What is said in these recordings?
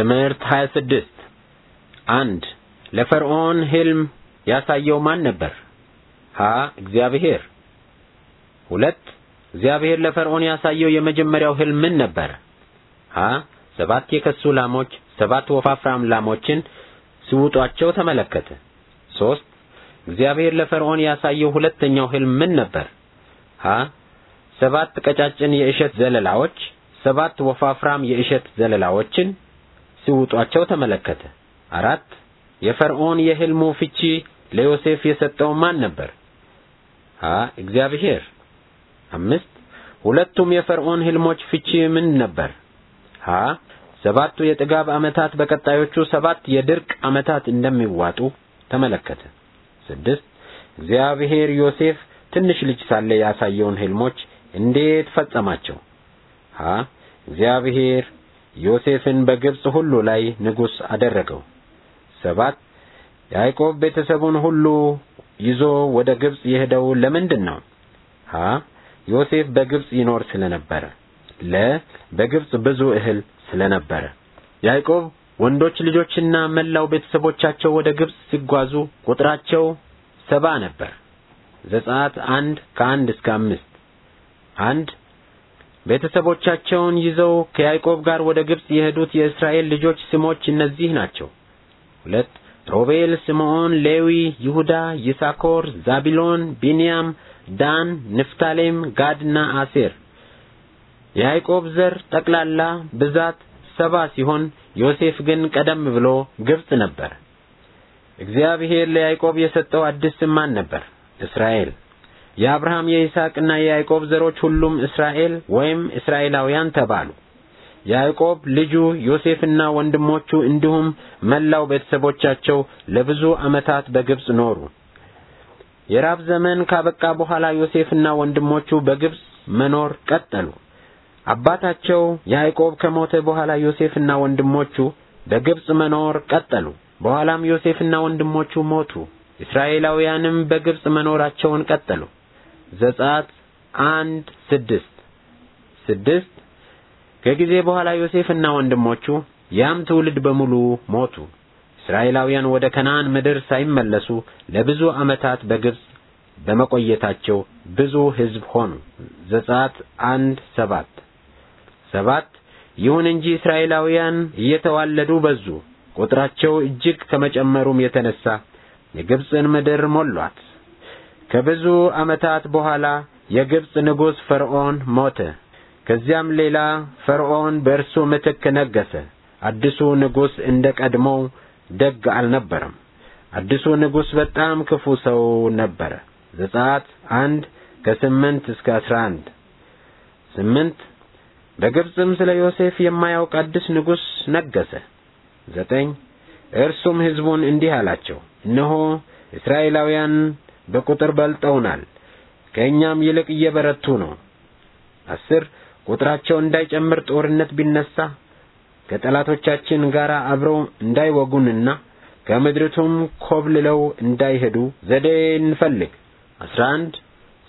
ትምህርት 26 አንድ ለፈርዖን ህልም ያሳየው ማን ነበር? ሀ እግዚአብሔር። ሁለት እግዚአብሔር ለፈርዖን ያሳየው የመጀመሪያው ህልም ምን ነበር? ሀ ሰባት የከሱ ላሞች ሰባት ወፋፍራም ላሞችን ሲውጧቸው ተመለከተ። ሶስት እግዚአብሔር ለፈርዖን ያሳየው ሁለተኛው ህልም ምን ነበር? ሀ ሰባት ቀጫጭን የእሸት ዘለላዎች ሰባት ወፋፍራም የእሸት ዘለላዎችን ሲውጧቸው ተመለከተ። አራት የፈርዖን የህልሙ ፍቺ ለዮሴፍ የሰጠው ማን ነበር? ሀ እግዚአብሔር። አምስት ሁለቱም የፈርዖን ህልሞች ፍቺ ምን ነበር? ሀ ሰባቱ የጥጋብ ዓመታት በቀጣዮቹ ሰባት የድርቅ ዓመታት እንደሚዋጡ ተመለከተ። ስድስት እግዚአብሔር ዮሴፍ ትንሽ ልጅ ሳለ ያሳየውን ህልሞች እንዴት ፈጸማቸው? ሀ እግዚአብሔር ዮሴፍን በግብፅ ሁሉ ላይ ንጉሥ አደረገው። ሰባት ያዕቆብ ቤተሰቡን ሁሉ ይዞ ወደ ግብፅ የሄደው ለምንድን ነው? ሀ ዮሴፍ በግብፅ ይኖር ስለነበረ። ለ በግብፅ ብዙ እህል ስለነበረ። ያዕቆብ ወንዶች ልጆችና መላው ቤተሰቦቻቸው ወደ ግብፅ ሲጓዙ ቁጥራቸው ሰባ ነበር። ዘጸአት አንድ ከአንድ እስከ አምስት አንድ ቤተሰቦቻቸውን ይዘው ከያዕቆብ ጋር ወደ ግብጽ የሄዱት የእስራኤል ልጆች ስሞች እነዚህ ናቸው። ሁለት ሮቤል፣ ስምዖን፣ ሌዊ፣ ይሁዳ፣ ይሳኮር፣ ዛቢሎን፣ ቢንያም፣ ዳን፣ ንፍታሌም፣ ጋድና አሴር። የያዕቆብ ዘር ጠቅላላ ብዛት ሰባ ሲሆን ዮሴፍ ግን ቀደም ብሎ ግብጽ ነበር። እግዚአብሔር ለያዕቆብ የሰጠው አዲስ ስም ማን ነበር? እስራኤል የአብርሃም የይስሐቅና የያዕቆብ ዘሮች ሁሉም እስራኤል ወይም እስራኤላውያን ተባሉ። ያዕቆብ ልጁ ዮሴፍና ወንድሞቹ እንዲሁም መላው ቤተሰቦቻቸው ለብዙ ዓመታት በግብፅ ኖሩ። የራብ ዘመን ካበቃ በኋላ ዮሴፍና ወንድሞቹ በግብፅ መኖር ቀጠሉ። አባታቸው ያዕቆብ ከሞተ በኋላ ዮሴፍና ወንድሞቹ በግብፅ መኖር ቀጠሉ። በኋላም ዮሴፍና ወንድሞቹ ሞቱ። እስራኤላውያንም በግብፅ መኖራቸውን ቀጠሉ። ዘጸአት አንድ ስድስት ስድስት ከጊዜ በኋላ ዮሴፍና ወንድሞቹ ያም ትውልድ በሙሉ ሞቱ። እስራኤላውያን ወደ ከነዓን ምድር ሳይመለሱ ለብዙ ዓመታት በግብፅ በመቆየታቸው ብዙ ሕዝብ ሆኑ። ዘጸአት አንድ ሰባት ሰባት ይሁን እንጂ እስራኤላውያን እየተዋለዱ በዙ። ቁጥራቸው እጅግ ከመጨመሩም የተነሳ የግብፅን ምድር ሞሏት። ከብዙ ዓመታት በኋላ የግብፅ ንጉሥ ፈርዖን ሞተ። ከዚያም ሌላ ፈርዖን በእርሱ ምትክ ነገሠ። አዲሱ ንጉሥ እንደ ቀድሞው ደግ አልነበረም። አዲሱ ንጉሥ በጣም ክፉ ሰው ነበረ። ዘጸአት አንድ ከስምንት እስከ አስራ አንድ ስምንት በግብፅም ስለ ዮሴፍ የማያውቅ አዲስ ንጉሥ ነገሠ። ዘጠኝ እርሱም ሕዝቡን እንዲህ አላቸው፣ እነሆ እስራኤላውያን በቁጥር በልጠውናል፣ ከእኛም ይልቅ እየበረቱ ነው። አስር ቁጥራቸው እንዳይጨምር ጦርነት ቢነሳ ከጠላቶቻችን ጋር አብረው እንዳይወጉንና ከምድርቱም ኮብልለው እንዳይሄዱ ዘዴ እንፈልግ። አስራ አንድ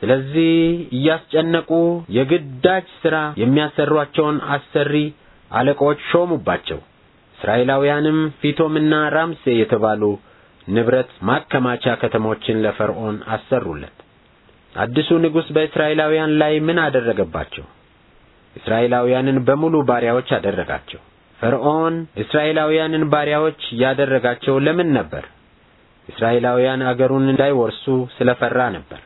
ስለዚህ እያስጨነቁ የግዳጅ ሥራ የሚያሰሯቸውን አሰሪ አለቆች ሾሙባቸው። እስራኤላውያንም ፊቶምና ራምሴ የተባሉ ንብረት ማከማቻ ከተሞችን ለፈርዖን አሰሩለት። አዲሱ ንጉሥ በእስራኤላውያን ላይ ምን አደረገባቸው? እስራኤላውያንን በሙሉ ባሪያዎች አደረጋቸው። ፈርዖን እስራኤላውያንን ባሪያዎች ያደረጋቸው ለምን ነበር? እስራኤላውያን አገሩን እንዳይወርሱ ስለፈራ ነበር።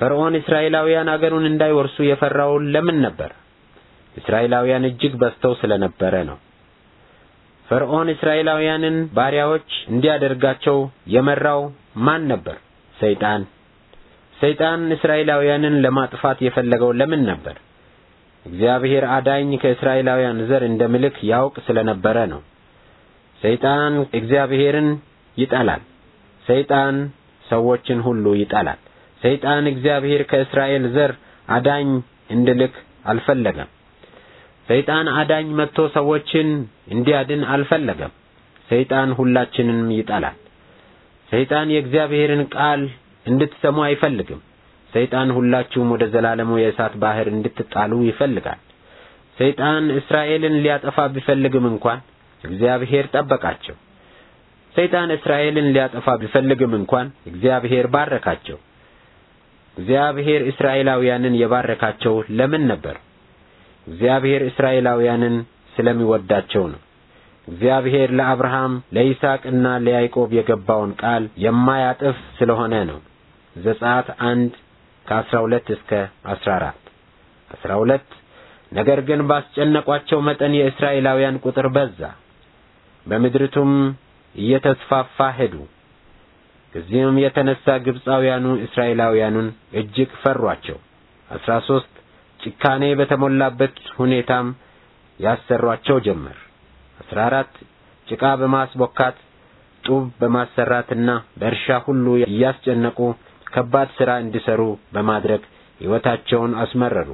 ፈርዖን እስራኤላውያን አገሩን እንዳይወርሱ የፈራው ለምን ነበር? እስራኤላውያን እጅግ በዝተው ስለነበረ ነው። ፈርዖን እስራኤላውያንን ባሪያዎች እንዲያደርጋቸው የመራው ማን ነበር? ሰይጣን። ሰይጣን እስራኤላውያንን ለማጥፋት የፈለገው ለምን ነበር? እግዚአብሔር አዳኝ ከእስራኤላውያን ዘር እንደ ምልክ ያውቅ ስለነበረ ነው። ሰይጣን እግዚአብሔርን ይጠላል። ሰይጣን ሰዎችን ሁሉ ይጠላል። ሰይጣን እግዚአብሔር ከእስራኤል ዘር አዳኝ እንድልክ አልፈለገም። ሰይጣን አዳኝ መጥቶ ሰዎችን እንዲያድን አልፈለገም። ሰይጣን ሁላችንንም ይጠላል። ሰይጣን የእግዚአብሔርን ቃል እንድትሰሙ አይፈልግም። ሰይጣን ሁላችሁም ወደ ዘላለሙ የእሳት ባህር እንድትጣሉ ይፈልጋል። ሰይጣን እስራኤልን ሊያጠፋ ቢፈልግም እንኳን እግዚአብሔር ጠበቃቸው። ሰይጣን እስራኤልን ሊያጠፋ ቢፈልግም እንኳን እግዚአብሔር ባረካቸው። እግዚአብሔር እስራኤላውያንን የባረካቸው ለምን ነበር? እግዚአብሔር እስራኤላውያንን ስለሚወዳቸው ነው። እግዚአብሔር ለአብርሃም ለይስሐቅና ለያዕቆብ የገባውን ቃል የማያጥፍ ስለሆነ ነው። ዘጸአት አንድ ከአስራ ሁለት እስከ አስራ አራት አስራ ሁለት ነገር ግን ባስጨነቋቸው መጠን የእስራኤላውያን ቁጥር በዛ፣ በምድሪቱም እየተስፋፋ ሄዱ። ከዚህም የተነሳ ግብፃውያኑ እስራኤላውያኑን እጅግ ፈሯቸው። አስራ ሦስት ጭካኔ በተሞላበት ሁኔታም ያሰሯቸው ጀመር። አስራ አራት ጭቃ በማስቦካት ጡብ በማሰራትና በእርሻ ሁሉ እያስጨነቁ ከባድ ሥራ እንዲሰሩ በማድረግ ሕይወታቸውን አስመረሩ።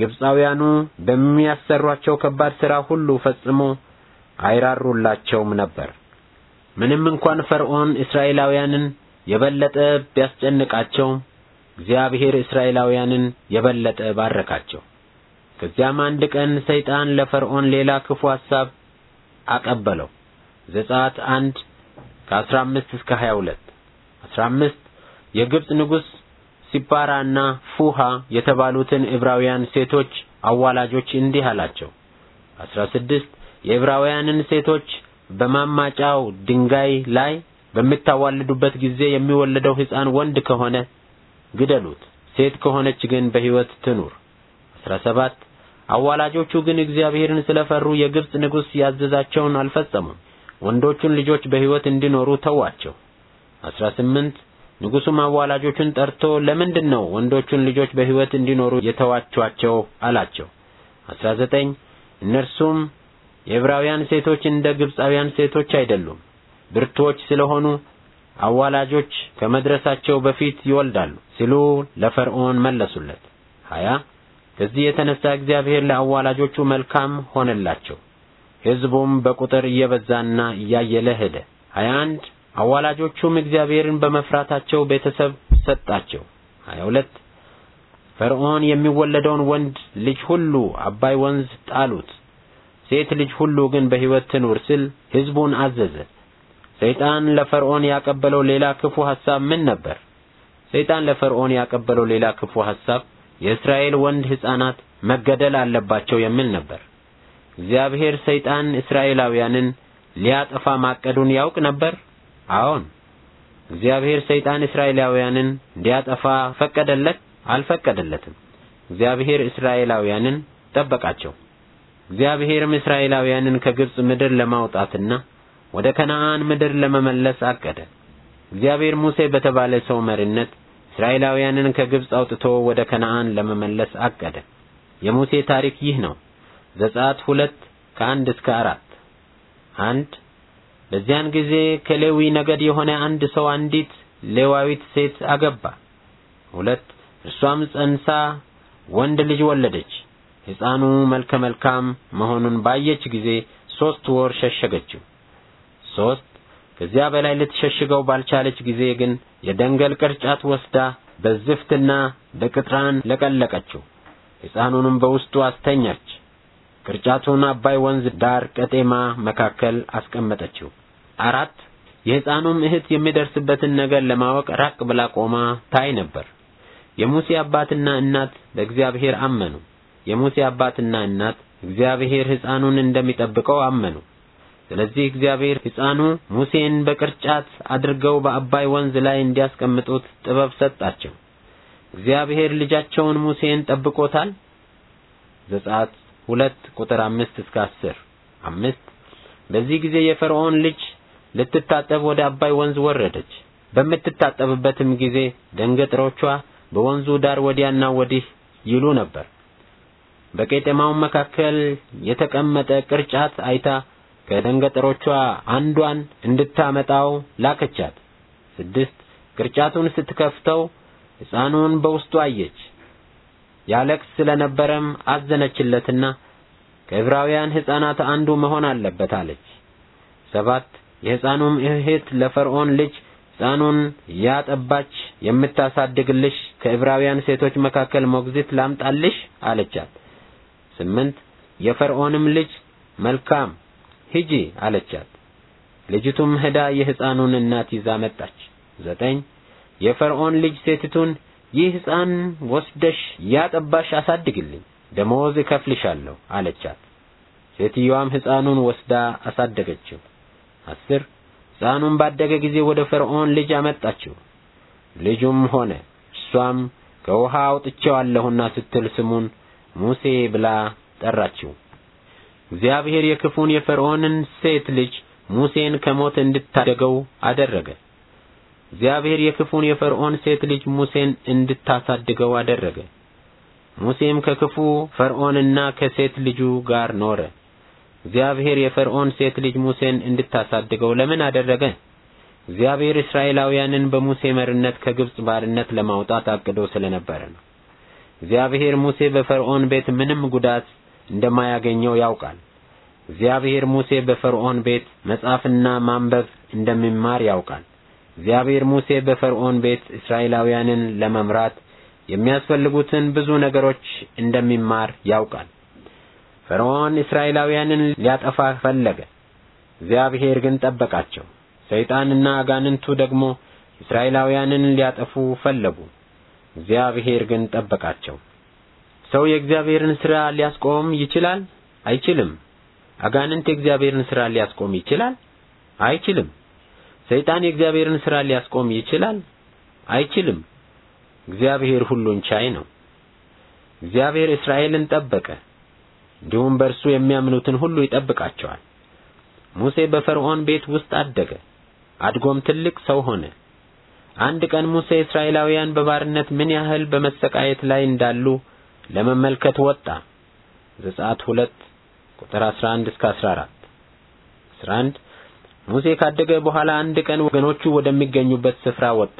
ግብፃውያኑ በሚያሰሯቸው ከባድ ሥራ ሁሉ ፈጽሞ አይራሩላቸውም ነበር። ምንም እንኳን ፈርዖን እስራኤላውያንን የበለጠ ቢያስጨንቃቸው እግዚአብሔር እስራኤላውያንን የበለጠ ባረካቸው። ከዚያም አንድ ቀን ሰይጣን ለፈርዖን ሌላ ክፉ ሐሳብ አቀበለው። ዘጸአት 1 ከ15 እስከ 22 15 የግብጽ ንጉሥ ሲፓራና ፉሃ የተባሉትን ዕብራውያን ሴቶች አዋላጆች እንዲህ አላቸው። 16 የዕብራውያንን ሴቶች በማማጫው ድንጋይ ላይ በምታዋልዱበት ጊዜ የሚወለደው ህፃን ወንድ ከሆነ ግደሉት። ሴት ከሆነች ግን በሕይወት ትኑር። 17 አዋላጆቹ ግን እግዚአብሔርን ስለፈሩ የግብጽ ንጉሥ ያዘዛቸውን አልፈጸሙም። ወንዶቹን ልጆች በሕይወት እንዲኖሩ ተዋቸው። 18 ንጉሡም አዋላጆቹን ጠርቶ ለምንድን ነው ወንዶቹን ልጆች በሕይወት እንዲኖሩ የተዋችኋቸው? አላቸው። 19 እነርሱም የዕብራውያን ሴቶች እንደ ግብጻውያን ሴቶች አይደሉም፣ ብርቱዎች ስለሆኑ አዋላጆች ከመድረሳቸው በፊት ይወልዳሉ ሲሉ ለፈርዖን መለሱለት። ሀያ ከዚህ የተነሳ እግዚአብሔር ለአዋላጆቹ መልካም ሆነላቸው። ሕዝቡም በቁጥር እየበዛና እያየለ ሄደ። ሀያ አንድ አዋላጆቹም እግዚአብሔርን በመፍራታቸው ቤተሰብ ሰጣቸው። ሀያ ሁለት ፈርዖን የሚወለደውን ወንድ ልጅ ሁሉ አባይ ወንዝ ጣሉት፣ ሴት ልጅ ሁሉ ግን በሕይወት ትኑር ሲል ሕዝቡን አዘዘ። ሰይጣን ለፈርዖን ያቀበለው ሌላ ክፉ ሐሳብ ምን ነበር? ሰይጣን ለፈርዖን ያቀበለው ሌላ ክፉ ሐሳብ የእስራኤል ወንድ ሕፃናት መገደል አለባቸው የሚል ነበር። እግዚአብሔር ሰይጣን እስራኤላውያንን ሊያጠፋ ማቀዱን ያውቅ ነበር? አዎን። እግዚአብሔር ሰይጣን እስራኤላውያንን እንዲያጠፋ ፈቀደለት? አልፈቀደለትም። እግዚአብሔር እስራኤላውያንን ጠበቃቸው። እግዚአብሔርም እስራኤላውያንን ከግብፅ ምድር ለማውጣትና ወደ ከነዓን ምድር ለመመለስ አቀደ። እግዚአብሔር ሙሴ በተባለ ሰው መሪነት እስራኤላውያንን ከግብፅ አውጥቶ ወደ ከነዓን ለመመለስ አቀደ። የሙሴ ታሪክ ይህ ነው። ዘጸአት ሁለት ከአንድ እስከ አራት አንድ በዚያን ጊዜ ከሌዊ ነገድ የሆነ አንድ ሰው አንዲት ሌዋዊት ሴት አገባ። ሁለት እርሷም ጸንሳ ወንድ ልጅ ወለደች። ሕፃኑ መልከ መልካም መሆኑን ባየች ጊዜ ሦስት ወር ሸሸገችው። ሶስት ከዚያ በላይ ልትሸሽገው ባልቻለች ጊዜ ግን የደንገል ቅርጫት ወስዳ በዝፍትና በቅጥራን ለቀለቀችው፣ ሕፃኑንም በውስጡ አስተኛች። ቅርጫቱን አባይ ወንዝ ዳር ቀጤማ መካከል አስቀመጠችው። አራት የሕፃኑም እህት የሚደርስበትን ነገር ለማወቅ ራቅ ብላ ቆማ ታይ ነበር። የሙሴ አባትና እናት በእግዚአብሔር አመኑ። የሙሴ አባትና እናት እግዚአብሔር ሕፃኑን እንደሚጠብቀው አመኑ። ስለዚህ እግዚአብሔር ሕፃኑ ሙሴን በቅርጫት አድርገው በአባይ ወንዝ ላይ እንዲያስቀምጡት ጥበብ ሰጣቸው። እግዚአብሔር ልጃቸውን ሙሴን ጠብቆታል። ዘጸአት ሁለት ቁጥር አምስት እስከ አስር አምስት በዚህ ጊዜ የፈርዖን ልጅ ልትታጠብ ወደ አባይ ወንዝ ወረደች። በምትታጠብበትም ጊዜ ደንገጥሮቿ በወንዙ ዳር ወዲያና ወዲህ ይሉ ነበር። በቀጠማው መካከል የተቀመጠ ቅርጫት አይታ ከደንገጠሮቿ አንዷን እንድታመጣው ላከቻት። ስድስት ቅርጫቱን ስትከፍተው ሕፃኑን በውስጡ አየች። ያለቅስ ስለነበረም አዘነችለትና ከዕብራውያን ሕፃናት አንዱ መሆን አለበት አለች። ሰባት የሕፃኑም እህት ለፈርዖን ልጅ ሕፃኑን ያጠባች የምታሳድግልሽ ከዕብራውያን ሴቶች መካከል ሞግዚት ላምጣልሽ አለቻት። ስምንት የፈርዖንም ልጅ መልካም ሂጂ አለቻት። ልጅቱም ሄዳ የሕፃኑን እናት ይዛ መጣች። ዘጠኝ የፈርዖን ልጅ ሴቲቱን ይህ ሕፃን ወስደሽ ያጠባሽ አሳድግልኝ፣ ደመወዝ እከፍልሻለሁ አለቻት። ሴትየዋም ሕፃኑን ወስዳ አሳደገችው። አስር ሕፃኑን ባደገ ጊዜ ወደ ፈርዖን ልጅ አመጣችው። ልጁም ሆነ እሷም ከውሃ አውጥቼዋለሁና ስትል ስሙን ሙሴ ብላ ጠራችው። እግዚአብሔር የክፉን የፈርዖንን ሴት ልጅ ሙሴን ከሞት እንድታደገው አደረገ። እግዚአብሔር የክፉን የፈርዖን ሴት ልጅ ሙሴን እንድታሳድገው አደረገ። ሙሴም ከክፉ ፈርዖንና ከሴት ልጁ ጋር ኖረ። እግዚአብሔር የፈርዖን ሴት ልጅ ሙሴን እንድታሳድገው ለምን አደረገ? እግዚአብሔር እስራኤላውያንን በሙሴ መርነት ከግብጽ ባርነት ለማውጣት አቅዶ ስለነበረ ነው። እግዚአብሔር ሙሴ በፈርዖን ቤት ምንም ጉዳት እንደማያገኘው ያውቃል። እግዚአብሔር ሙሴ በፈርዖን ቤት መጻፍና ማንበብ እንደሚማር ያውቃል። እግዚአብሔር ሙሴ በፈርዖን ቤት እስራኤላውያንን ለመምራት የሚያስፈልጉትን ብዙ ነገሮች እንደሚማር ያውቃል። ፈርዖን እስራኤላውያንን ሊያጠፋ ፈለገ። እግዚአብሔር ግን ጠበቃቸው። ሰይጣንና አጋንንቱ ደግሞ እስራኤላውያንን ሊያጠፉ ፈለጉ። እግዚአብሔር ግን ጠበቃቸው። ሰው የእግዚአብሔርን ስራ ሊያስቆም ይችላል? አይችልም። አጋንንት የእግዚአብሔርን ስራ ሊያስቆም ይችላል? አይችልም። ሰይጣን የእግዚአብሔርን ስራ ሊያስቆም ይችላል? አይችልም። እግዚአብሔር ሁሉን ቻይ ነው። እግዚአብሔር እስራኤልን ጠበቀ፣ እንዲሁም በእርሱ የሚያምኑትን ሁሉ ይጠብቃቸዋል። ሙሴ በፈርዖን ቤት ውስጥ አደገ፣ አድጎም ትልቅ ሰው ሆነ። አንድ ቀን ሙሴ እስራኤላውያን በባርነት ምን ያህል በመሰቃየት ላይ እንዳሉ ለመመልከት ወጣ። ዘጻት 2 ቁጥር 11 እስከ 14 11 ሙሴ ካደገ በኋላ አንድ ቀን ወገኖቹ ወደሚገኙበት ስፍራ ወጣ።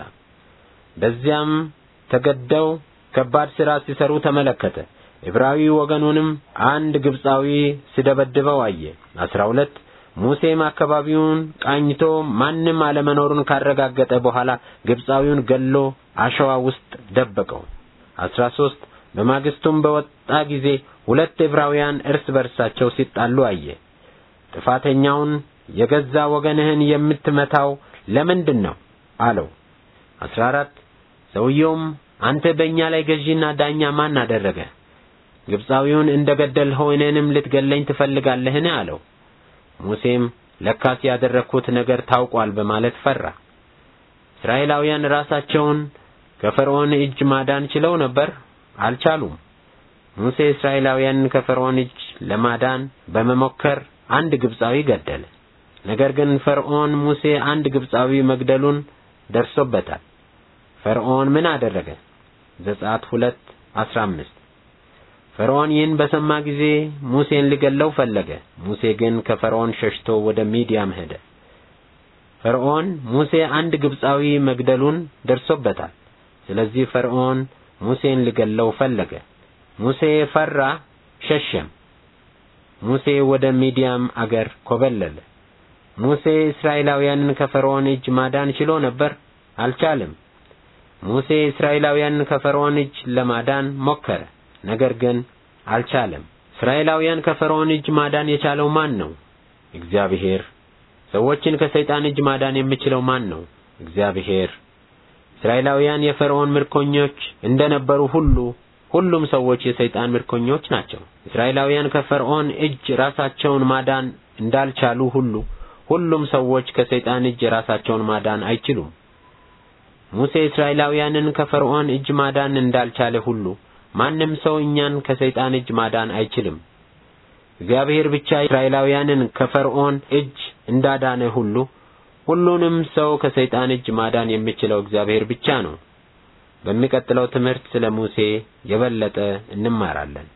በዚያም ተገደው ከባድ ሥራ ሲሰሩ ተመለከተ። ዕብራዊ ወገኑንም አንድ ግብፃዊ ሲደበድበው አየ። 12 ሙሴም አካባቢውን ቃኝቶ ማንም አለመኖሩን ካረጋገጠ በኋላ ግብፃዊውን ገሎ አሸዋ ውስጥ ደበቀው። 13 በማግስቱም በወጣ ጊዜ ሁለት ዕብራውያን እርስ በርሳቸው ሲጣሉ አየ። ጥፋተኛውን የገዛ ወገንህን የምትመታው ለምንድን ነው አለው። አስራ አራት ሰውየውም አንተ በእኛ ላይ ገዢና ዳኛ ማን አደረገ? ግብፃዊውን እንደ ገደልኸው እኔንም ልትገለኝ ትፈልጋለህን? አለው። ሙሴም ለካስ ያደረግኩት ነገር ታውቋል በማለት ፈራ። እስራኤላውያን ራሳቸውን ከፈርዖን እጅ ማዳን ችለው ነበር? አልቻሉም። ሙሴ እስራኤላውያንን ከፈርዖን እጅ ለማዳን በመሞከር አንድ ግብፃዊ ገደለ። ነገር ግን ፈርዖን ሙሴ አንድ ግብፃዊ መግደሉን ደርሶበታል። ፈርዖን ምን አደረገ? ዘጸአት 15 ፈርዖን ይህን በሰማ ጊዜ ሙሴን ሊገለው ፈለገ። ሙሴ ግን ከፈርዖን ሸሽቶ ወደ ሚዲያም ሄደ። ፈርዖን ሙሴ አንድ ግብፃዊ መግደሉን ደርሶበታል። ስለዚህ ፈርዖን ሙሴን ሊገለው ፈለገ። ሙሴ ፈራ፣ ሸሸም። ሙሴ ወደ ሚዲያም አገር ኮበለለ። ሙሴ እስራኤላውያንን ከፈርዖን እጅ ማዳን ችሎ ነበር፣ አልቻለም። ሙሴ እስራኤላውያንን ከፈርዖን እጅ ለማዳን ሞከረ፣ ነገር ግን አልቻለም። እስራኤላውያን ከፈርዖን እጅ ማዳን የቻለው ማን ነው? እግዚአብሔር። ሰዎችን ከሰይጣን እጅ ማዳን የሚችለው ማን ነው? እግዚአብሔር። እስራኤላውያን የፈርዖን ምርኮኞች እንደነበሩ ሁሉ ሁሉም ሰዎች የሰይጣን ምርኮኞች ናቸው። እስራኤላውያን ከፈርዖን እጅ ራሳቸውን ማዳን እንዳልቻሉ ሁሉ ሁሉም ሰዎች ከሰይጣን እጅ ራሳቸውን ማዳን አይችሉም። ሙሴ እስራኤላውያንን ከፈርዖን እጅ ማዳን እንዳልቻለ ሁሉ ማንም ሰው እኛን ከሰይጣን እጅ ማዳን አይችልም። እግዚአብሔር ብቻ እስራኤላውያንን ከፈርዖን እጅ እንዳዳነ ሁሉ ሁሉንም ሰው ከሰይጣን እጅ ማዳን የሚችለው እግዚአብሔር ብቻ ነው። በሚቀጥለው ትምህርት ስለ ሙሴ የበለጠ እንማራለን።